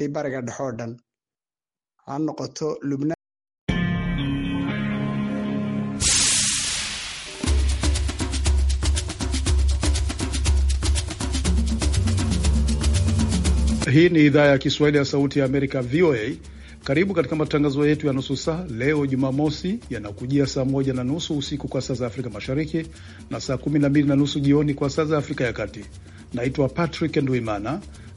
Bariga dhexoo dhan ha noqoto lubna Hii ni idhaa ya Kiswahili ya Sauti ya Amerika, VOA. Karibu katika matangazo yetu ya nusu saa leo Jumamosi, yanakujia saa moja na nusu usiku kwa saa za Afrika Mashariki na saa kumi na mbili na nusu jioni kwa saa za Afrika ya Kati. Naitwa Patrick Ndwimana.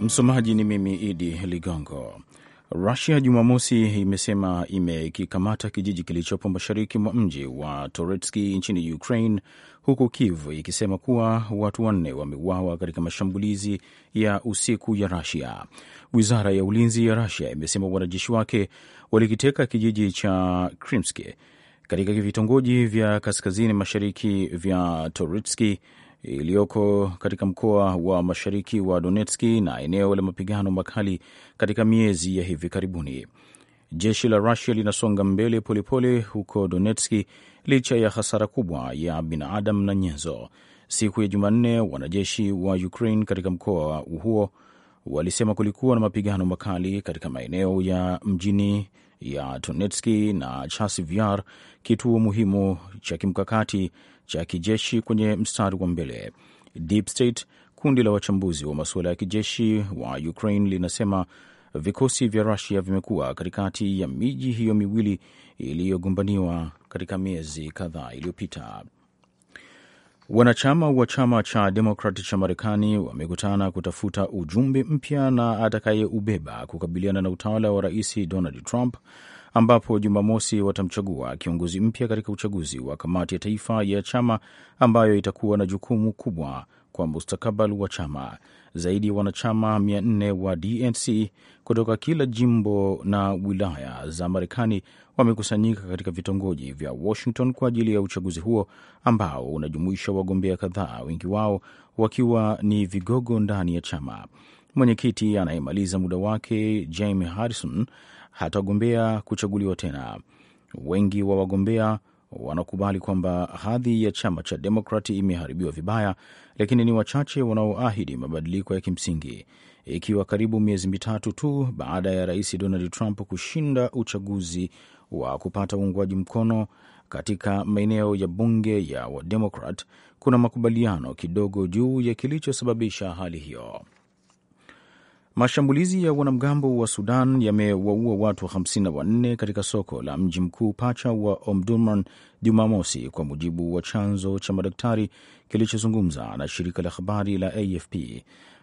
Msomaji ni mimi Idi Ligongo. Rusia Jumamosi imesema imekikamata kijiji kilichopo mashariki mwa mji wa Toretski nchini Ukraine, huku Kiev ikisema kuwa watu wanne wameuawa katika mashambulizi ya usiku ya Rusia. Wizara ya ulinzi ya Rusia imesema wanajeshi wake walikiteka kijiji cha Krimski katika vitongoji vya kaskazini mashariki vya Toretski iliyoko katika mkoa wa mashariki wa Donetski na eneo la mapigano makali katika miezi ya hivi karibuni. Jeshi la Rusia linasonga mbele polepole huko Donetski licha ya hasara kubwa ya binadamu na nyenzo. Siku ya Jumanne, wanajeshi wa Ukraine katika mkoa huo walisema kulikuwa na mapigano makali katika maeneo ya mjini ya Donetski na chasiviar kituo muhimu cha kimkakati cha kijeshi kwenye mstari wa mbele. Deep State, kundi la wachambuzi wa masuala ya kijeshi wa Ukraine, linasema vikosi vya Rusia vimekuwa katikati ya miji hiyo miwili iliyogombaniwa katika miezi kadhaa iliyopita. Wanachama wa chama cha Demokrat cha Marekani wamekutana kutafuta ujumbe mpya na atakayeubeba kukabiliana na utawala wa Rais Donald Trump ambapo Jumamosi watamchagua kiongozi mpya katika uchaguzi wa kamati ya taifa ya chama ambayo itakuwa na jukumu kubwa kwa mustakabali wa chama. Zaidi ya wanachama 400 wa DNC kutoka kila jimbo na wilaya za Marekani wamekusanyika katika vitongoji vya Washington kwa ajili ya uchaguzi huo ambao unajumuisha wagombea kadhaa, wengi wao wakiwa ni vigogo ndani ya chama. Mwenyekiti anayemaliza muda wake Jaime Harrison hatagombea kuchaguliwa tena. Wengi wa wagombea wanakubali kwamba hadhi ya chama cha Demokrat imeharibiwa vibaya, lakini ni wachache wanaoahidi mabadiliko ya kimsingi. Ikiwa karibu miezi mitatu tu baada ya Rais Donald Trump kushinda uchaguzi wa kupata uungwaji mkono katika maeneo ya bunge ya Wademokrat, kuna makubaliano kidogo juu ya kilichosababisha hali hiyo. Mashambulizi ya wanamgambo wa Sudan yamewaua watu 54 katika soko la mji mkuu pacha wa Omdurman Jumamosi, kwa mujibu wa chanzo cha madaktari kilichozungumza na shirika la habari la AFP.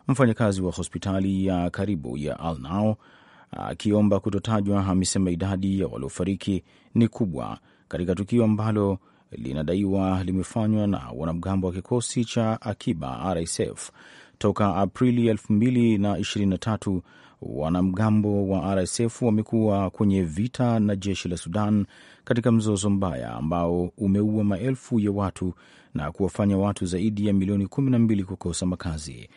Mfanyakazi wa hospitali ya karibu ya Al Nao akiomba kutotajwa amesema idadi ya waliofariki ni kubwa katika tukio ambalo linadaiwa limefanywa na wanamgambo wa kikosi cha akiba RSF Toka Aprili 2023 wanamgambo wa RSF wamekuwa kwenye vita na jeshi la Sudan katika mzozo mbaya ambao umeua maelfu ya watu na kuwafanya watu zaidi ya milioni 12 kukosa makazi.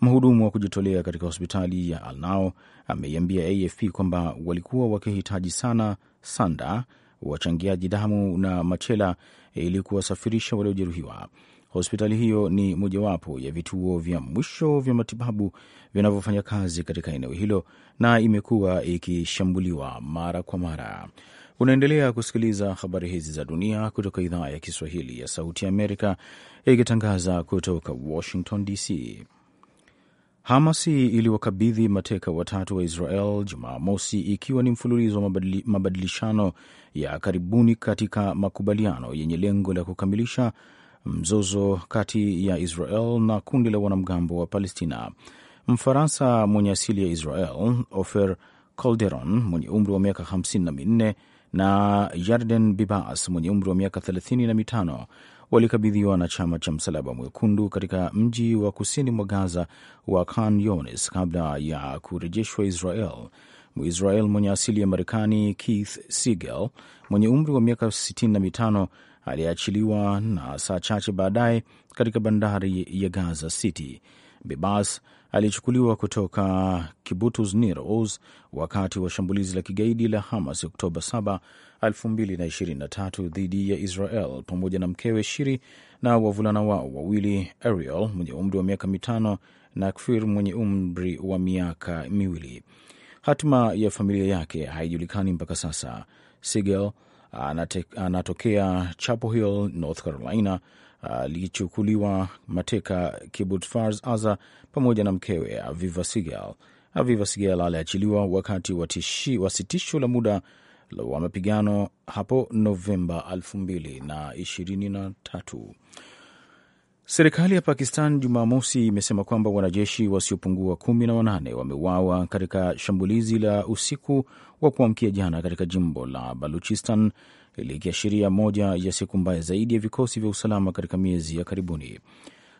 Mhudumu wa kujitolea katika hospitali ya alnao ameiambia AFP kwamba walikuwa wakihitaji sana sanda, wachangiaji damu na machela ili kuwasafirisha waliojeruhiwa. Hospitali hiyo ni mojawapo ya vituo vya mwisho vya matibabu vinavyofanya kazi katika eneo hilo na imekuwa ikishambuliwa mara kwa mara. Unaendelea kusikiliza habari hizi za dunia kutoka idhaa ya Kiswahili ya Sauti ya Amerika ikitangaza kutoka Washington DC. Hamasi iliwakabidhi mateka watatu wa Israel Jumamosi, ikiwa ni mfululizo wa mabadili, mabadilishano ya karibuni katika makubaliano yenye lengo la kukamilisha mzozo kati ya Israel na kundi la wanamgambo wa Palestina. Mfaransa mwenye asili ya Israel, Ofer Calderon mwenye umri wa miaka 54 na Yarden Bibas mwenye umri wa miaka 35 walikabidhiwa na chama cha Msalaba Mwekundu katika mji wa kusini mwa Gaza wa Khan Younis kabla ya kurejeshwa Israel. Mwisrael mwenye asili ya Marekani Keith Siegel mwenye umri wa miaka 65 aliyeachiliwa na saa chache baadaye katika bandari ya Gaza City. Bibas alichukuliwa kutoka Kibutus Nirous wakati wa shambulizi la kigaidi la Hamas Oktoba 7, 2023 dhidi ya Israel pamoja na mkewe Shiri na wavulana wao wawili, Ariel mwenye umri wa miaka mitano na Kfir mwenye umri wa miaka miwili. Hatima ya familia yake haijulikani mpaka sasa. Sigel anatokea Chapel Hill, North Carolina alichukuliwa ah, mateka Kibbutz Farz Aza pamoja na mkewe Aviva Sigal. Aviva Sigal aliachiliwa wakati wa sitisho la muda wa mapigano hapo Novemba 2023. Serikali ya Pakistan Jumamosi imesema kwamba wanajeshi wasiopungua kumi na wanane wameuawa katika shambulizi la usiku wa kuamkia jana katika jimbo la Baluchistan, likiashiria moja ya siku mbaya zaidi ya vikosi vya usalama katika miezi ya karibuni.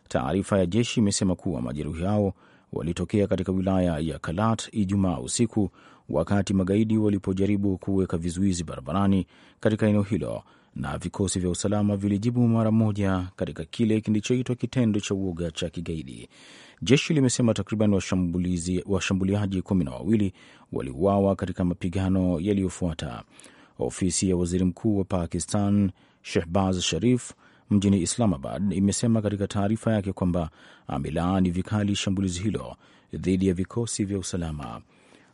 Taarifa ya jeshi imesema kuwa majeruhi hao walitokea katika wilaya ya Kalat Ijumaa usiku wakati magaidi walipojaribu kuweka vizuizi barabarani katika eneo hilo na vikosi vya usalama vilijibu mara moja katika kile kilichoitwa kitendo cha uoga cha kigaidi. Jeshi limesema takriban washambuliaji kumi na wawili waliuawa katika mapigano yaliyofuata. Ofisi ya waziri mkuu wa Pakistan Shehbaz Sharif mjini Islamabad imesema katika taarifa yake kwamba amelaani vikali shambulizi hilo dhidi ya vikosi vya usalama.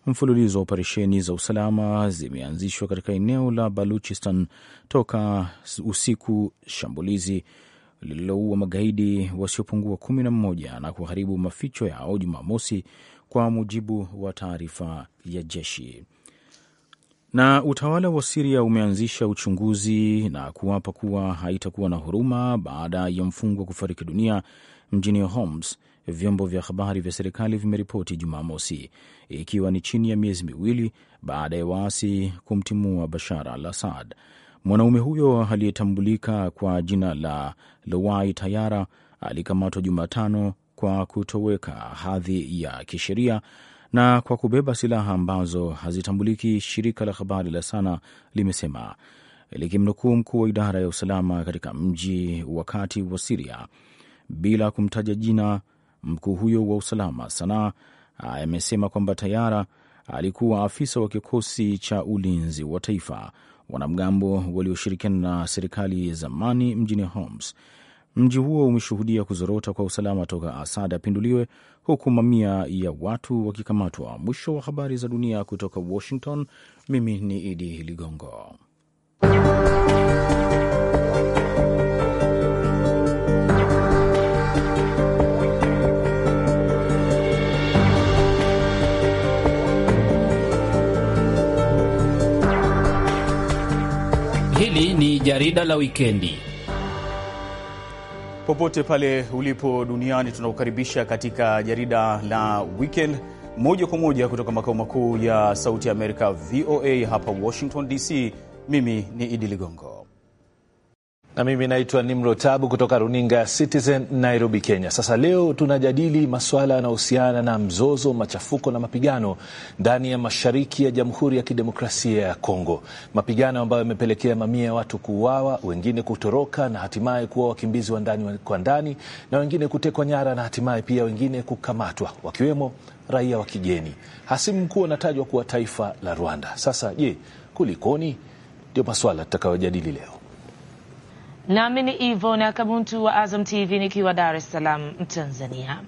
Mfululizo wa operesheni za usalama zimeanzishwa katika eneo la Baluchistan toka usiku shambulizi lililoua magaidi wasiopungua kumi na mmoja na kuharibu maficho yao Jumamosi, kwa mujibu wa taarifa ya jeshi. Na utawala wa Siria umeanzisha uchunguzi na kuapa kuwa haitakuwa na huruma baada ya mfungwa kufariki dunia mjini Homs vyombo vya habari vya serikali vimeripoti Jumamosi, ikiwa ni chini ya miezi miwili baada ya waasi kumtimua Bashar al Assad. Mwanaume huyo aliyetambulika kwa jina la Lowai Tayara alikamatwa Jumatano kwa kutoweka hadhi ya kisheria na kwa kubeba silaha ambazo hazitambuliki, shirika la habari la Sana limesema likimnukuu mkuu wa idara ya usalama katika mji wa kati wa Siria bila kumtaja jina Mkuu huyo wa usalama Sanaa ah, amesema kwamba Tayara alikuwa afisa wa kikosi cha ulinzi wa taifa, wanamgambo walioshirikiana na serikali ya zamani mjini Homs. Mji huo umeshuhudia kuzorota kwa usalama toka Asad apinduliwe huku mamia ya watu wakikamatwa. Mwisho wa habari za dunia kutoka Washington. Mimi ni Idi Ligongo. jarida la wikendi. Popote pale ulipo duniani, tunakukaribisha katika jarida la wikend moja kwa moja kutoka makao makuu ya Sauti ya Amerika, VOA hapa Washington DC. Mimi ni Idi Ligongo na mimi naitwa Nimro Tabu kutoka runinga ya Citizen Nairobi, Kenya. Sasa leo tunajadili masuala yanayohusiana na mzozo, machafuko na mapigano ndani ya mashariki ya Jamhuri ya Kidemokrasia ya Kongo, mapigano ambayo yamepelekea mamia ya watu kuuawa, wengine kutoroka na hatimaye kuwa wakimbizi wa ndani kwa ndani, na wengine kutekwa nyara na hatimaye pia wengine kukamatwa, wakiwemo raia wa kigeni. Hasimu mkuu anatajwa kuwa taifa la Rwanda. Sasa je, kulikoni? Ndio maswala tutakayojadili leo. Nami ni na Kabuntu wa Azam TV nikiwa Dar es Salaam, Tanzania.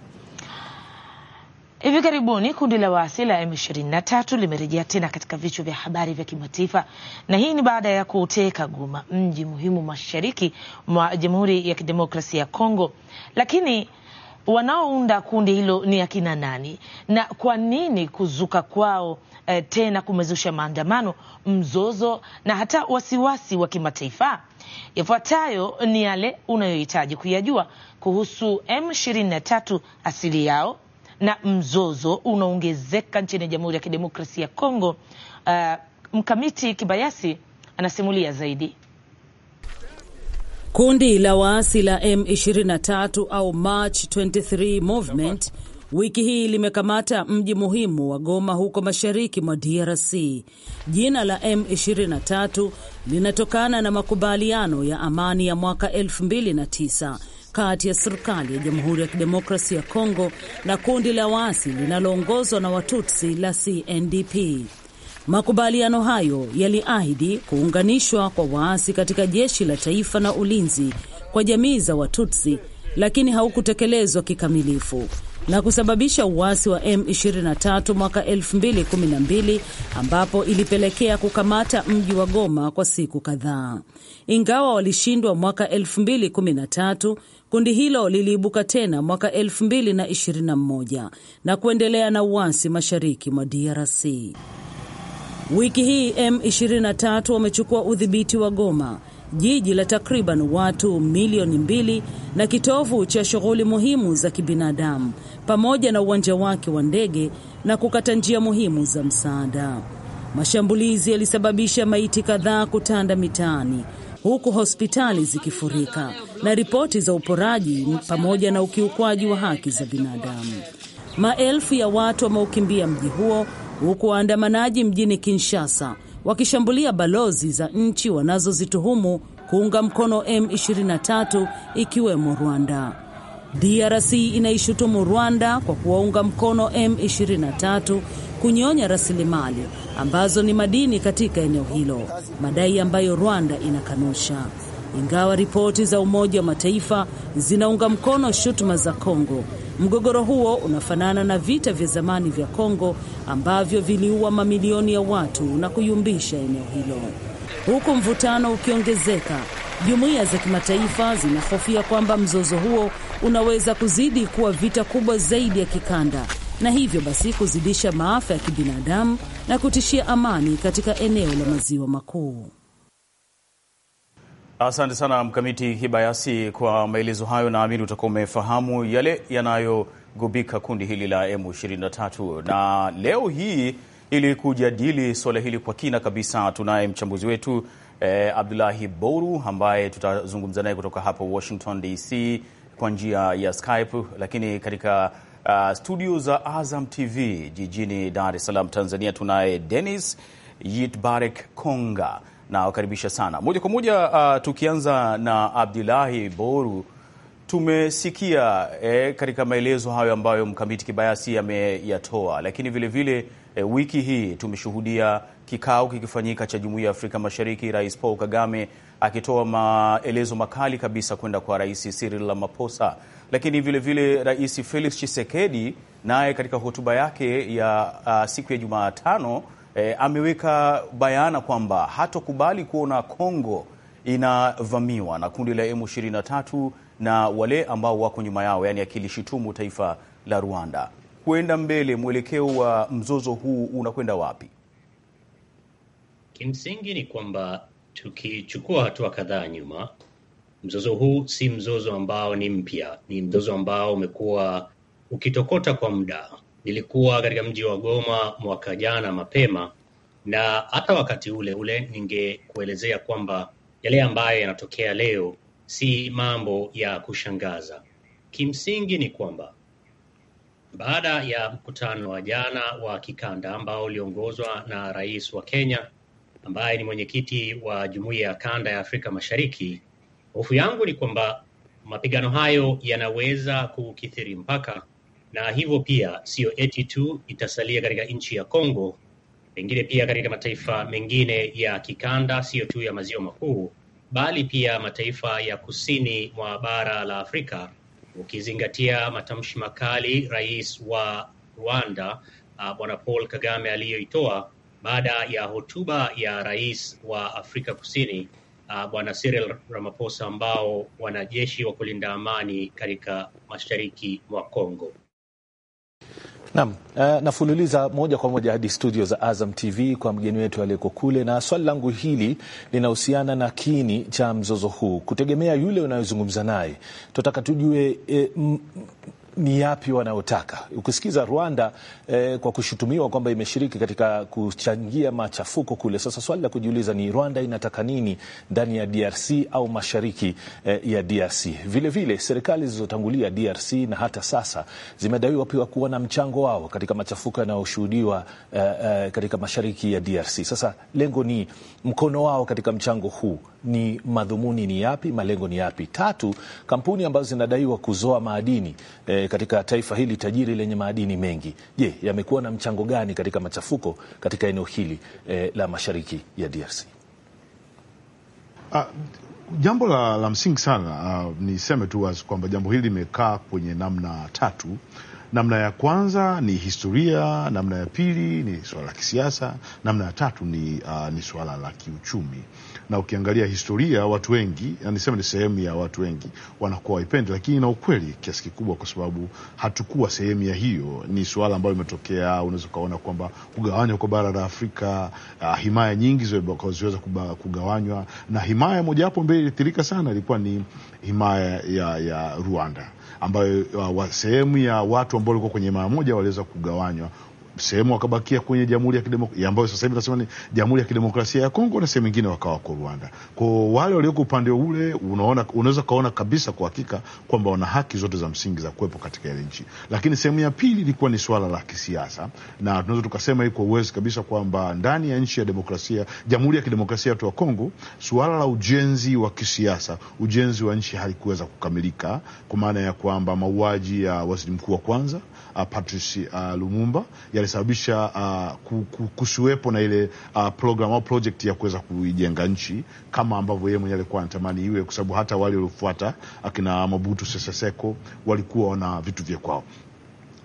Hivi karibuni kundi la waasi la M23 limerejea tena katika vichwa vya habari vya kimataifa, na hii ni baada ya kuuteka Goma, mji muhimu mashariki mwa Jamhuri ya Kidemokrasia ya Kongo, lakini wanaounda kundi hilo ni akina nani na kwa nini kuzuka kwao eh, tena kumezusha maandamano, mzozo na hata wasiwasi wa kimataifa? Yafuatayo ni yale unayohitaji kuyajua kuhusu M23, asili yao na mzozo unaongezeka nchini Jamhuri ya Kidemokrasia ya Kongo. Uh, mkamiti Kibayasi anasimulia zaidi. Kundi la waasi la M23 au March 23 Movement wiki hii limekamata mji muhimu wa Goma huko mashariki mwa DRC. Jina la M23 linatokana na makubaliano ya amani ya mwaka 2009 kati ya serikali ya Jamhuri ya Kidemokrasi ya Kongo na kundi la waasi linaloongozwa na Watutsi la CNDP. Makubaliano hayo yaliahidi kuunganishwa kwa waasi katika jeshi la taifa na ulinzi kwa jamii za Watutsi, lakini haukutekelezwa kikamilifu na kusababisha uasi wa M23 mwaka 2012 ambapo ilipelekea kukamata mji wa Goma kwa siku kadhaa. Ingawa walishindwa mwaka 2013, kundi hilo liliibuka tena mwaka 2021 na kuendelea na uasi mashariki mwa DRC. Wiki hii M23 wamechukua udhibiti wa Goma, jiji la takriban watu milioni mbili na kitovu cha shughuli muhimu za kibinadamu, pamoja na uwanja wake wa ndege na kukata njia muhimu za msaada. Mashambulizi yalisababisha maiti kadhaa kutanda mitaani huku hospitali zikifurika na ripoti za uporaji pamoja na ukiukwaji wa haki za binadamu. Maelfu ya watu wameukimbia mji huo huku waandamanaji mjini Kinshasa wakishambulia balozi za nchi wanazozituhumu kuunga mkono M23 ikiwemo Rwanda. DRC inaishutumu Rwanda kwa kuwaunga mkono M23 kunyonya rasilimali ambazo ni madini katika eneo hilo, madai ambayo Rwanda inakanusha, ingawa ripoti za Umoja wa Mataifa zinaunga mkono shutuma za Kongo Mgogoro huo unafanana na vita vya zamani vya Kongo ambavyo viliua mamilioni ya watu na kuyumbisha eneo hilo. Huku mvutano ukiongezeka, jumuiya za kimataifa zinahofia kwamba mzozo huo unaweza kuzidi kuwa vita kubwa zaidi ya kikanda na hivyo basi kuzidisha maafa ya kibinadamu na kutishia amani katika eneo la maziwa makuu. Asante sana Mkamiti Hibayasi kwa maelezo hayo, naamini utakuwa umefahamu yale yanayogubika kundi hili la M23. Na leo hii ili kujadili suala hili kwa kina kabisa, tunaye mchambuzi wetu eh, Abdulahi Boru ambaye tutazungumza naye kutoka hapa Washington DC kwa njia ya Skype, lakini katika uh, studio za Azam TV jijini Dar es Salaam, Tanzania, tunaye denis Yitbarek Konga nawakaribisha sana moja kwa moja. Uh, tukianza na Abdulahi Boru, tumesikia eh, katika maelezo hayo ambayo mkamiti Kibayasi ameyatoa, lakini vilevile vile, eh, wiki hii tumeshuhudia kikao kikifanyika cha Jumuiya ya Afrika Mashariki, Rais Paul Kagame akitoa maelezo makali kabisa kwenda kwa Rais Cyril Ramaphosa, lakini vilevile vile, Rais Felix Tshisekedi naye katika hotuba yake ya uh, siku ya Jumatano e, ameweka bayana kwamba hatokubali kuona Kongo inavamiwa na kundi la M23 na wale ambao wako nyuma yao, yaani akilishitumu taifa la Rwanda. Kuenda mbele, mwelekeo wa mzozo huu unakwenda wapi? Kimsingi ni kwamba tukichukua hatua kadhaa nyuma, mzozo huu si mzozo ambao ni mpya, ni mzozo ambao umekuwa ukitokota kwa muda. Nilikuwa katika mji wa Goma mwaka jana mapema, na hata wakati ule ule ningekuelezea kwamba yale ambayo yanatokea leo si mambo ya kushangaza. Kimsingi ni kwamba baada ya mkutano wa jana wa kikanda ambao uliongozwa na rais wa Kenya ambaye ni mwenyekiti wa jumuiya ya kanda ya Afrika Mashariki, hofu yangu ni kwamba mapigano hayo yanaweza kukithiri mpaka na hivyo pia sio eti tu itasalia katika nchi ya Kongo, pengine pia katika mataifa mengine ya kikanda, siyo tu ya maziwa makuu, bali pia mataifa ya kusini mwa bara la Afrika, ukizingatia matamshi makali rais wa Rwanda uh, bwana Paul Kagame aliyoitoa baada ya hotuba ya rais wa Afrika Kusini uh, bwana Cyril Ramaphosa ambao wanajeshi wa kulinda amani katika mashariki mwa Kongo. Naam, eh, nafululiza moja kwa moja hadi studio za Azam TV kwa mgeni wetu aliyeko kule, na swali langu hili linahusiana na kiini cha mzozo huu, kutegemea yule unayozungumza naye. Tunataka tujue eh, ni yapi wanayotaka. Ukisikiza Rwanda eh, kwa kushutumiwa kwamba imeshiriki katika kuchangia machafuko kule. Sasa swali la kujiuliza ni Rwanda inataka nini ndani ya DRC au mashariki eh, ya DRC. Vilevile vile, serikali zilizotangulia DRC na hata sasa zimedaiwa pia kuwa na mchango wao katika machafuko yanayoshuhudiwa eh, eh, katika mashariki ya DRC. Sasa lengo ni mkono wao katika mchango huu ni madhumuni ni yapi, malengo ni yapi? Tatu, kampuni ambazo zinadaiwa kuzoa maadini e, katika taifa hili tajiri lenye maadini mengi, je, yamekuwa na mchango gani katika machafuko katika eneo hili e, la mashariki ya DRC? Uh, ah, jambo la, la msingi sana uh, niseme tu kwamba jambo hili limekaa kwenye namna tatu. Namna ya kwanza ni historia, namna ya pili ni suala la kisiasa, namna ya tatu ni, uh, ni suala la kiuchumi na ukiangalia historia watu wengi, niseme ni sehemu ya watu wengi wanakuwa waipendi, lakini na ukweli kiasi kikubwa, kwa sababu hatukuwa sehemu ya hiyo. Ni suala ambayo imetokea, unaweza ukaona kwamba kugawanywa kwa bara la Afrika, uh, himaya nyingi ziweza kugawanywa, na himaya mojawapo mbele ilithirika sana ilikuwa ni himaya ya, ya Rwanda ambayo ah, sehemu ya watu ambao walikuwa kwenye himaya moja waliweza kugawanywa sehemu wakabakia kwenye Jamhuri ya Kidemokrasia ambayo sasa hivi tunasema ni Jamhuri ya Kidemokrasia ya Kongo, na sehemu nyingine wakawa kwa Rwanda. Kwa wale walioko upande ule, unaona, unaweza kaona kabisa kwa hakika kwamba wana haki zote za msingi za kuwepo katika ile nchi. Lakini sehemu ya pili ilikuwa ni swala la kisiasa, na tunaweza tukasema hii kwa uwezi kabisa kwamba ndani ya nchi ya demokrasia, Jamhuri ya Kidemokrasia ya Kongo, suala la ujenzi wa kisiasa, ujenzi wa nchi halikuweza kukamilika, kwa maana ya kwamba mauaji ya waziri mkuu wa kwanza Patrice Lumumba ya yalisababisha uh, kusiwepo na ile uh, program au project ya kuweza kuijenga nchi kama ambavyo yeye mwenyewe alikuwa anatamani iwe, kwa sababu hata wale waliofuata akina Mobutu Sese Seko walikuwa wana vitu vya kwao.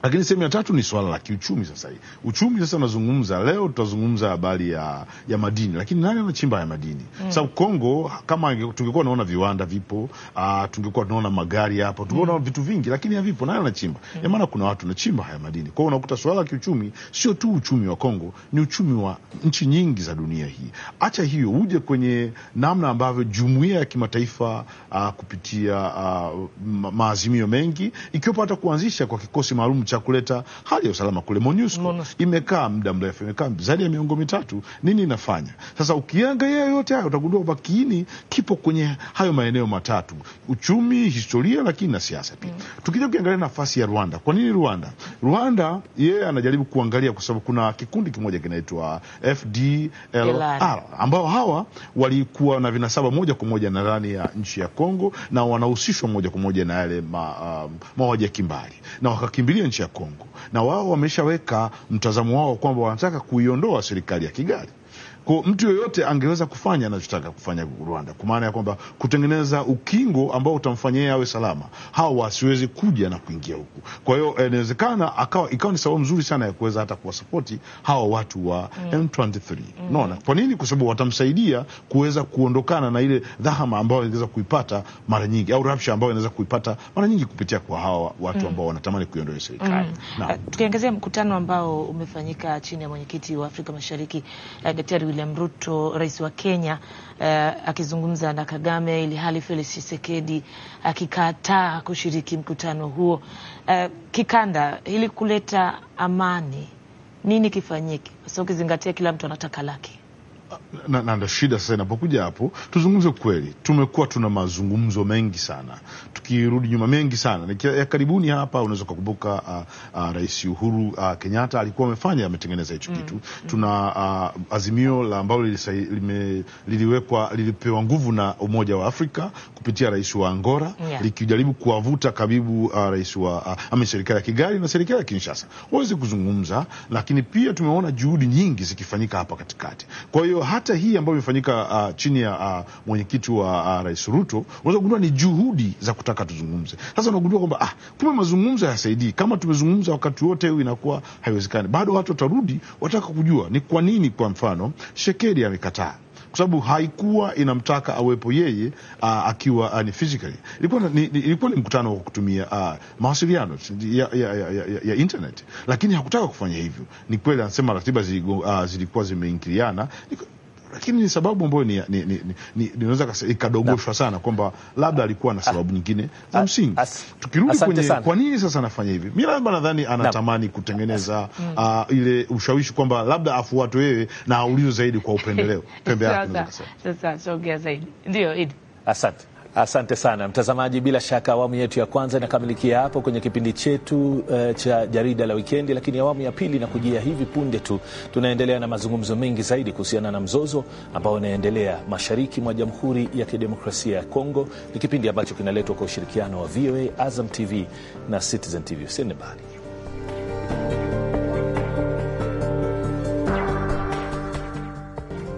Lakini sehemu ya tatu ni swala la kiuchumi. Sasa hii uchumi sasa unazungumza leo, tutazungumza habari ya, ya madini, lakini nani anachimba ya madini? Mm. Sababu Kongo kama tungekuwa tunaona viwanda vipo, uh, tungekuwa tunaona magari hapo, tungeona mm. vitu vingi, lakini havipo. Nani anachimba? Mm. Ya maana kuna watu wanachimba haya madini. Kwa hiyo unakuta swala la kiuchumi sio tu uchumi wa Kongo, ni uchumi wa nchi nyingi za dunia hii. Acha hiyo, uje kwenye namna ambavyo jumuiya ya kimataifa uh, kupitia uh, maazimio mengi ikiwepo hata kuanzisha kwa kikosi maalum cha cha kuleta hali ya usalama kule. MONUSCO imekaa muda mrefu, imekaa zaidi ya miongo mitatu, nini inafanya sasa? Ukiangalia yote hayo utagundua kwamba kiini kipo kwenye hayo maeneo matatu: uchumi, historia, lakini na siasa pia. Mm. Tukija kuangalia nafasi ya Rwanda, kwa nini Rwanda? Rwanda yeye yeah, anajaribu kuangalia kwa sababu kuna kikundi kimoja kinaitwa FDLR ambao hawa walikuwa na vinasaba moja kwa moja na ndani ya nchi ya Kongo na wanahusishwa moja kwa moja na yale um, mauaji ya kimbali na wakakimbilia nchi ya Kongo, na wao wameshaweka mtazamo wao kwamba wanataka kuiondoa serikali ya Kigali. Kwa mtu yoyote angeweza kufanya anachotaka kufanya Rwanda, kwa maana ya kwamba kutengeneza ukingo ambao utamfanyia awe salama, hawa wasiwezi kuja na kuingia huku. Kwa hiyo eh, inawezekana akawa ikawa ni sababu nzuri sana ya kuweza hata kuwasapoti hawa watu wa mm. M23 mm. Naona kwa nini? Kwa sababu watamsaidia kuweza kuondokana na ile dhahama ambayo inaweza kuipata mara nyingi, au rapsha ambayo inaweza kuipata mara nyingi kupitia kwa hawa watu mm. ambao wanatamani kuiondoa serikali mm. Uh, tukiangazia mkutano ambao umefanyika chini ya mwenyekiti wa Afrika Mashariki uh, Daktari William Ruto, rais wa Kenya uh, akizungumza na Kagame, ili hali Felix Tshisekedi akikataa kushiriki mkutano huo. Uh, kikanda ili kuleta amani, nini kifanyike? Sasa ukizingatia kila mtu anataka lake na, na na shida sasa inapokuja hapo, tuzungumze kweli Tumekuwa tuna mazungumzo mengi sana, tukirudi nyuma mengi sana Nikia, ya karibuni hapa unaweza ukakumbuka uh, uh, Rais Uhuru uh, Kenyatta alikuwa amefanya ametengeneza hicho mm. kitu mm. Tuna uh, azimio la ambalo liliwekwa lilipewa nguvu na Umoja wa Afrika kupitia rais wa Angola yeah. likijaribu kuwavuta karibu uh, rais wa uh, ama serikali ya Kigali na serikali ya Kinshasa waweze kuzungumza, lakini pia tumeona juhudi nyingi zikifanyika hapa katikati, kwa hiyo hiyo hata hii ambayo imefanyika uh, chini ya uh, mwenyekiti wa uh, Rais Ruto unaweza kugundua ni juhudi za kutaka tuzungumze. Sasa unagundua kwamba ah, kumbe mazungumzo hayasaidii. Kama tumezungumza wakati wote huu inakuwa haiwezekani, bado watu watarudi wataka kujua ni kwa nini. Kwa mfano, Shekedi amekataa kwa sababu haikuwa inamtaka awepo yeye uh, akiwa uh, ni physically. Ilikuwa ni, ilikuwa ni mkutano wa kutumia mawasiliano ya, ya, ya, ya, ya internet, lakini hakutaka kufanya hivyo. Ni kweli anasema ratiba zilikuwa zimeingiliana lakini ni sababu ambayo ni, ni, ni, ni, ni ikadogoshwa sana kwamba labda alikuwa na ah. sababu nyingine za ah, msingi. Tukirudi kwenye kwa nini sasa anafanya hivi, mi labda nadhani anatamani kutengeneza uh, ile ushawishi kwamba labda afuatwe wewe na aulizo zaidi kwa upendeleo pembe yake. Sasa sogea zaidi, ndio Idi. Asante. Asante sana mtazamaji, bila shaka awamu yetu ya kwanza inakamilikia hapo kwenye kipindi chetu uh, cha jarida la wikendi, lakini awamu ya pili inakujia hivi punde tu. Tunaendelea na mazungumzo mengi zaidi kuhusiana na mzozo ambao unaendelea mashariki mwa Jamhuri ya Kidemokrasia ya Kongo. Ni kipindi ambacho kinaletwa kwa ushirikiano wa VOA, Azam TV na Citizen TV. Usiende mbali.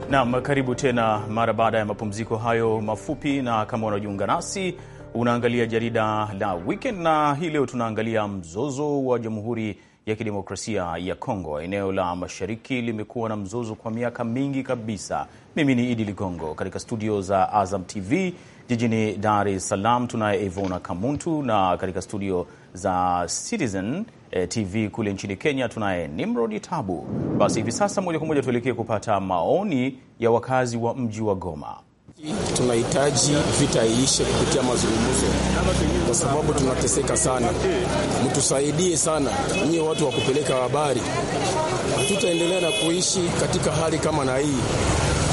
nam karibu tena mara baada ya mapumziko hayo mafupi, na kama unajiunga nasi unaangalia jarida la Weekend, na hii leo tunaangalia mzozo wa Jamhuri ya Kidemokrasia ya Kongo. Eneo la mashariki limekuwa na mzozo kwa miaka mingi kabisa. Mimi ni Idi Ligongo katika studio za Azam TV jijini Dar es Salaam, tunaye Evona Kamuntu na katika studio za Citizen eh, TV kule nchini Kenya. Tunaye Nimrod Tabu. Basi hivi sasa moja kwa moja tuelekee kupata maoni ya wakazi wa mji wa Goma. Tunahitaji vita iishe kupitia mazungumzo, kwa sababu tunateseka sana. Mtusaidie sana nyie watu wa kupeleka habari, hatutaendelea na kuishi katika hali kama na hii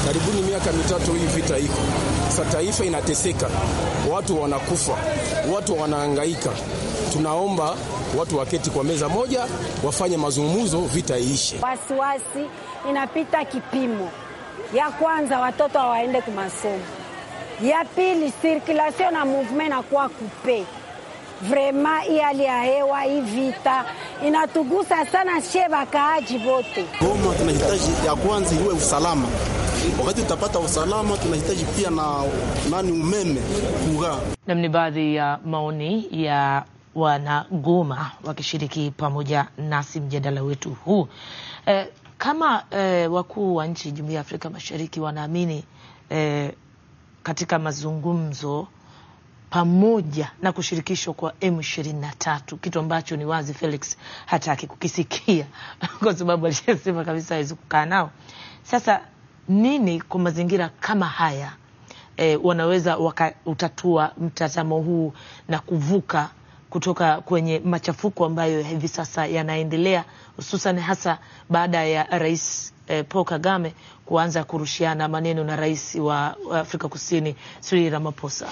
karibuni miaka mitatu hii vita iko sa taifa inateseka, watu wanakufa, watu wanaangaika Tunaomba watu waketi kwa meza moja, wafanye mazungumzo, vita iishe. Wasiwasi inapita kipimo. Ya kwanza watoto hawaende kumasomo, ya pili sirkulasio na movement nakuwa kupe vrema hii hali ya hewa hii vita inatugusa sana, shie wakaaji vote Goma. Tunahitaji ya kwanza iwe usalama wakati tutapata usalama, tunahitaji pia na nani umeme kuga. Namni baadhi ya maoni ya wanagoma wakishiriki pamoja nasi mjadala wetu huu E, kama e, wakuu wa nchi jumuiya ya Afrika Mashariki wanaamini e, katika mazungumzo pamoja na kushirikishwa kwa M23, kitu ambacho ni wazi Felix hataki kukisikia kwa sababu alishasema kabisa hawezi kukaa nao. Sasa nini kwa mazingira kama haya e, wanaweza wakautatua mtazamo huu na kuvuka kutoka kwenye machafuko ambayo hivi sasa yanaendelea, hususan hasa baada ya Rais e, Paul Kagame kuanza kurushiana maneno na rais wa Afrika Kusini Cyril Ramaphosa.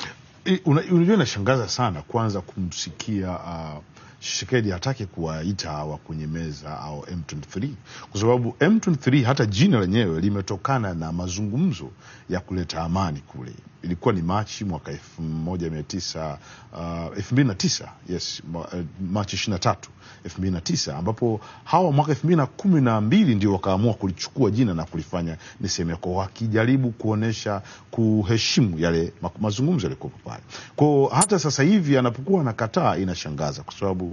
Eh, unajua, inashangaza sana kwanza kumsikia uh, Tshisekedi hataki kuwaita hawa kwenye meza au M23 kwa sababu M23 hata jina lenyewe limetokana na mazungumzo ya kuleta amani kule. Ilikuwa ni Machi mwaka 1999 uh, yes, uh, Machi 23 2009, ambapo hawa mwaka 2012 ndio wakaamua kulichukua jina na kulifanya ni Semeko, wakijaribu kuonyesha kuheshimu yale mazungumzo yalikuwa pale Kwa Hata sasa hivi anapokuwa anakataa, inashangaza kwa sababu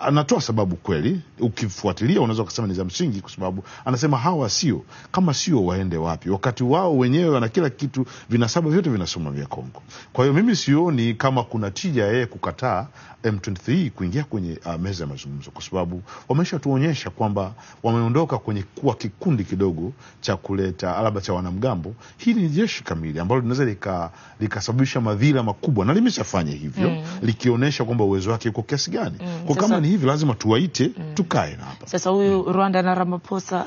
anatoa sababu kweli, ukifuatilia unaweza ukasema ni za msingi, kwa sababu anasema hawa sio kama sio waende wapi, wakati wao wenyewe wana kila kitu, vinasaba vyote vinasoma vya Kongo. Kwa hiyo mimi sioni kama kuna tija yeye kukataa M23 kuingia kwenye uh, meza ya mazungumzo, kwa sababu wameshatuonyesha kwamba wameondoka kwenye kuwa kikundi kidogo cha kuleta labda cha wanamgambo. Hili ni jeshi kamili ambalo linaweza likasababisha madhila makubwa, na limeshafanya hivyo mm. likionyesha kwamba uwezo wake uko kiasi gani mm kama ni hivi lazima tuwaite mm. tukae na hapa sasa huyu mm. Rwanda na Ramaphosa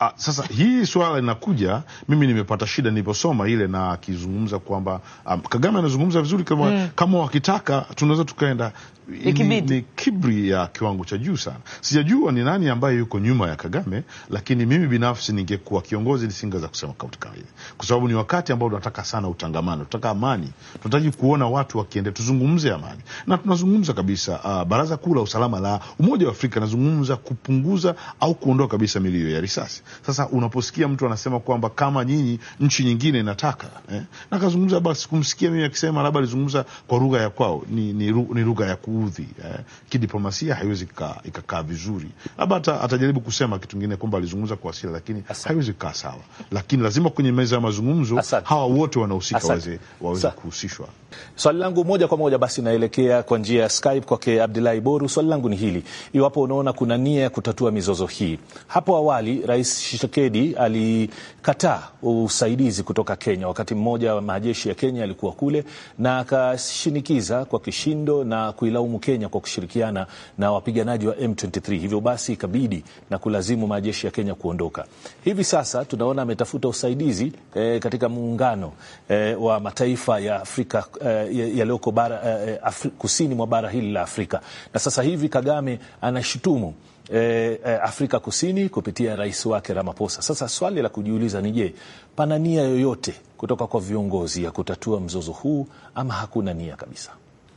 A, ah, sasa hii swala linakuja. Mimi nimepata shida niliposoma ile na akizungumza kwamba um, Kagame anazungumza vizuri kama, mm. kama wakitaka tunaweza tukaenda ni, kibri ya kiwango cha juu sana. Sijajua ni nani ambaye yuko nyuma ya Kagame, lakini mimi binafsi ningekuwa kiongozi nisingeweza kusema kitu kama hili, kwa sababu ni wakati ambao tunataka sana utangamano, tunataka amani, tunataka kuona watu wakiende, tuzungumze amani na tunazungumza kabisa. Uh, Baraza Kuu la Usalama la Umoja wa Afrika nazungumza kupunguza au kuondoa kabisa milio ya risasi. Sasa unaposikia mtu anasema kwamba kama nyinyi nchi nyingine inataka eh, na kazungumza basi, kumsikia mimi akisema labda alizungumza kwa lugha ya kwao, ni, ni, ni lugha ya ku kuudhi eh. Kidiplomasia haiwezi ikakaa vizuri, labda atajaribu kusema kitu kingine kwamba alizungumza kwa hasira, lakini haiwezi kukaa sawa, lakini lazima kwenye meza ya mazungumzo hawa wote wanahusika waweze waweze kuhusishwa. Swali langu moja kwa moja basi naelekea kwa njia ya Skype kwake Abdullahi Boru. Swali langu ni hili, iwapo unaona kuna nia ya kutatua mizozo hii. Hapo awali Rais Tshisekedi alikataa usaidizi kutoka Kenya. Wakati mmoja majeshi ya Kenya yalikuwa kule na akashinikiza kwa kishindo na kuilaumu kulaumu Kenya kwa kushirikiana na wapiganaji wa M23, hivyo basi ikabidi na kulazimu majeshi ya Kenya kuondoka. Hivi sasa tunaona ametafuta usaidizi e, katika muungano e, wa mataifa ya Afrika e, yaliyoko bara eh, Afri, kusini mwa bara hili la Afrika, na sasa hivi Kagame anashutumu E, Afrika Kusini kupitia rais wake Ramaphosa. Sasa swali la kujiuliza ni je, pana nia yoyote kutoka kwa viongozi ya kutatua mzozo huu ama hakuna nia kabisa?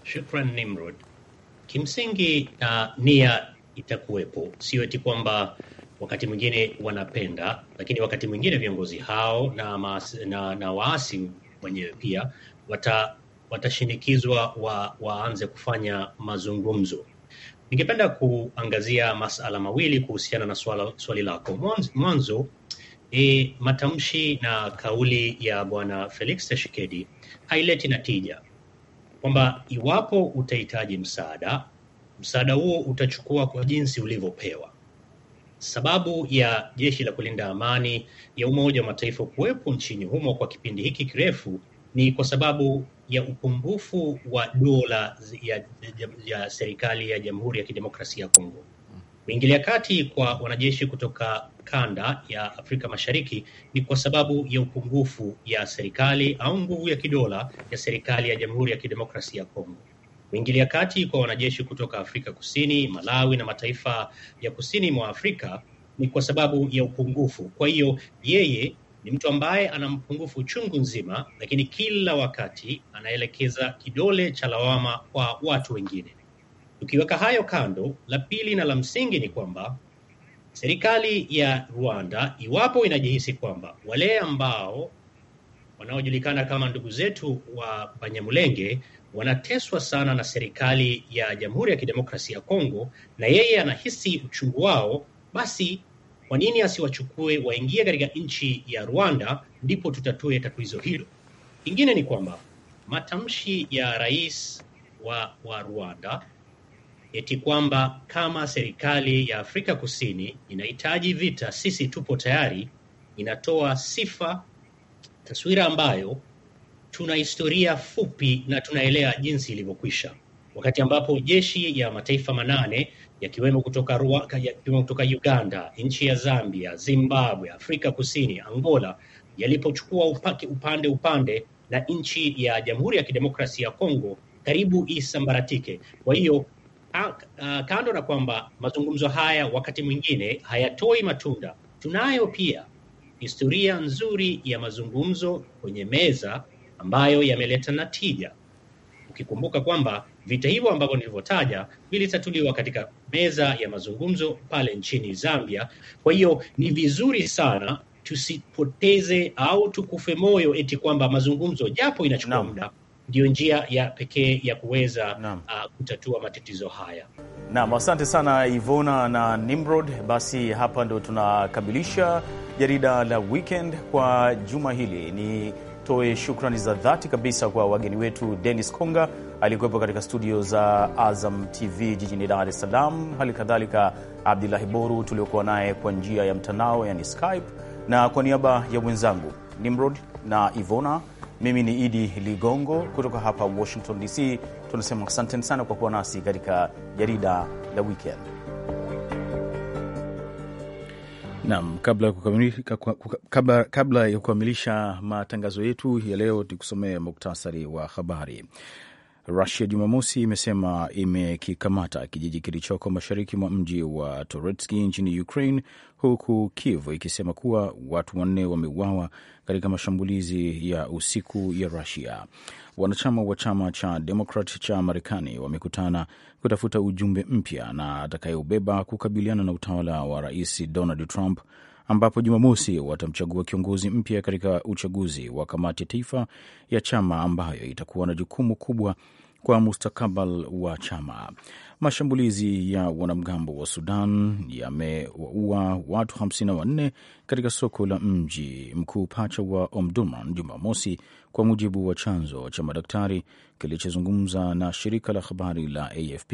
Shukran Nimrod. Kimsingi uh, nia itakuwepo, sio eti kwamba wakati mwingine wanapenda, lakini wakati mwingine viongozi hao na, mas, na, na waasi wenyewe pia wata, watashinikizwa wa, waanze kufanya mazungumzo. Ningependa kuangazia masala mawili kuhusiana na swala, swali lako mwanzo. E, matamshi na kauli ya Bwana Felix Tshisekedi haileti natija kwamba iwapo utahitaji msaada, msaada huo utachukua kwa jinsi ulivyopewa. Sababu ya jeshi la kulinda amani ya Umoja wa Mataifa kuwepo nchini humo kwa kipindi hiki kirefu ni kwa sababu ya upungufu wa dola ya, ya serikali ya Jamhuri ya Kidemokrasia ya Kongo. Kuingilia kati kwa wanajeshi kutoka kanda ya Afrika Mashariki ni kwa sababu ya upungufu ya serikali au nguvu ya kidola ya serikali ya Jamhuri ya Kidemokrasia ya Kongo. Kuingilia kati kwa wanajeshi kutoka Afrika Kusini, Malawi na mataifa ya kusini mwa Afrika ni kwa sababu ya upungufu. Kwa hiyo yeye ni mtu ambaye ana mpungufu chungu nzima, lakini kila wakati anaelekeza kidole cha lawama kwa watu wengine. Tukiweka hayo kando, la pili na la msingi ni kwamba serikali ya Rwanda, iwapo inajihisi kwamba wale ambao wanaojulikana kama ndugu zetu wa Banyamulenge wanateswa sana na serikali ya Jamhuri ya Kidemokrasia ya Kongo, na yeye anahisi uchungu wao, basi kwa nini asiwachukue waingie katika nchi ya Rwanda, ndipo tutatue tatizo hilo. Kingine ni kwamba matamshi ya rais wa, wa Rwanda eti kwamba kama serikali ya Afrika Kusini inahitaji vita, sisi tupo tayari, inatoa sifa, taswira ambayo tuna historia fupi na tunaelea jinsi ilivyokwisha, wakati ambapo jeshi ya mataifa manane yakiwemo kutoka Rwanda, kutoka Uganda, nchi ya Zambia, Zimbabwe, Afrika Kusini, Angola yalipochukua upaki upande upande na nchi ya Jamhuri ya Kidemokrasia ya Kongo karibu isambaratike. Kwa hiyo Ah, ah, kando na kwamba mazungumzo haya wakati mwingine hayatoi matunda, tunayo pia historia nzuri ya mazungumzo kwenye meza ambayo yameleta natija ukikumbuka kwamba vita hivyo ambavyo nilivyotaja vilitatuliwa katika meza ya mazungumzo pale nchini Zambia. Kwa hiyo ni vizuri sana tusipoteze au tukufe moyo eti kwamba mazungumzo japo inachukua muda no ndiyo njia ya pekee ya kuweza uh, kutatua matatizo haya. Naam, asante sana Ivona na Nimrod. Basi hapa ndo tunakamilisha jarida la weekend kwa juma hili. Nitoe shukrani za dhati kabisa kwa wageni wetu Dennis Konga aliyekuwepo katika studio za Azam TV jijini Dar es Salaam, hali kadhalika Abdulahi Boru tuliokuwa naye kwa njia ya mtandao, yani Skype, na kwa niaba ya mwenzangu Nimrod na Ivona mimi ni Idi Ligongo kutoka hapa Washington DC. Tunasema asanteni sana kwa kuwa nasi katika jarida la Weekend. Naam, kabla, kabla, kabla ya kukamilisha matangazo yetu ya leo, kusomea muktasari wa habari. Rusia Jumamosi imesema imekikamata kijiji kilichoko mashariki mwa mji wa Toretski nchini Ukraine, huku Kiev ikisema kuwa watu wanne wameuawa katika mashambulizi ya usiku ya Rusia. Wanachama wa chama cha Demokrat cha Marekani wamekutana kutafuta ujumbe mpya na atakayobeba kukabiliana na utawala wa Rais Donald Trump ambapo Jumamosi watamchagua kiongozi mpya katika uchaguzi wa kamati ya taifa ya chama ambayo itakuwa na jukumu kubwa kwa mustakabali wa chama. Mashambulizi ya wanamgambo wa Sudan yamewaua watu 54 katika soko la mji mkuu pacha wa Omdurman Jumamosi, kwa mujibu wa chanzo cha madaktari kilichozungumza na shirika la habari la AFP.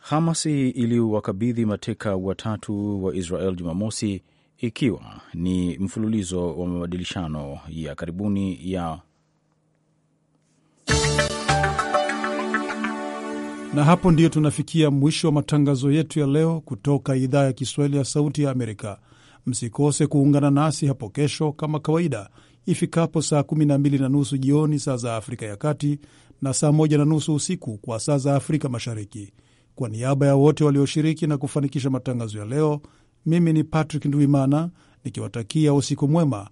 Hamasi iliwakabidhi mateka watatu wa Israel Jumamosi, ikiwa ni mfululizo wa mabadilishano ya karibuni ya na hapo ndiyo tunafikia mwisho wa matangazo yetu ya leo kutoka idhaa ya Kiswahili ya Sauti ya Amerika. Msikose kuungana nasi hapo kesho kama kawaida ifikapo saa 12 na nusu jioni saa za Afrika ya Kati na saa 1 na nusu usiku kwa saa za Afrika Mashariki. Kwa niaba ya wote walioshiriki na kufanikisha matangazo ya leo, mimi ni Patrick Ndwimana nikiwatakia usiku mwema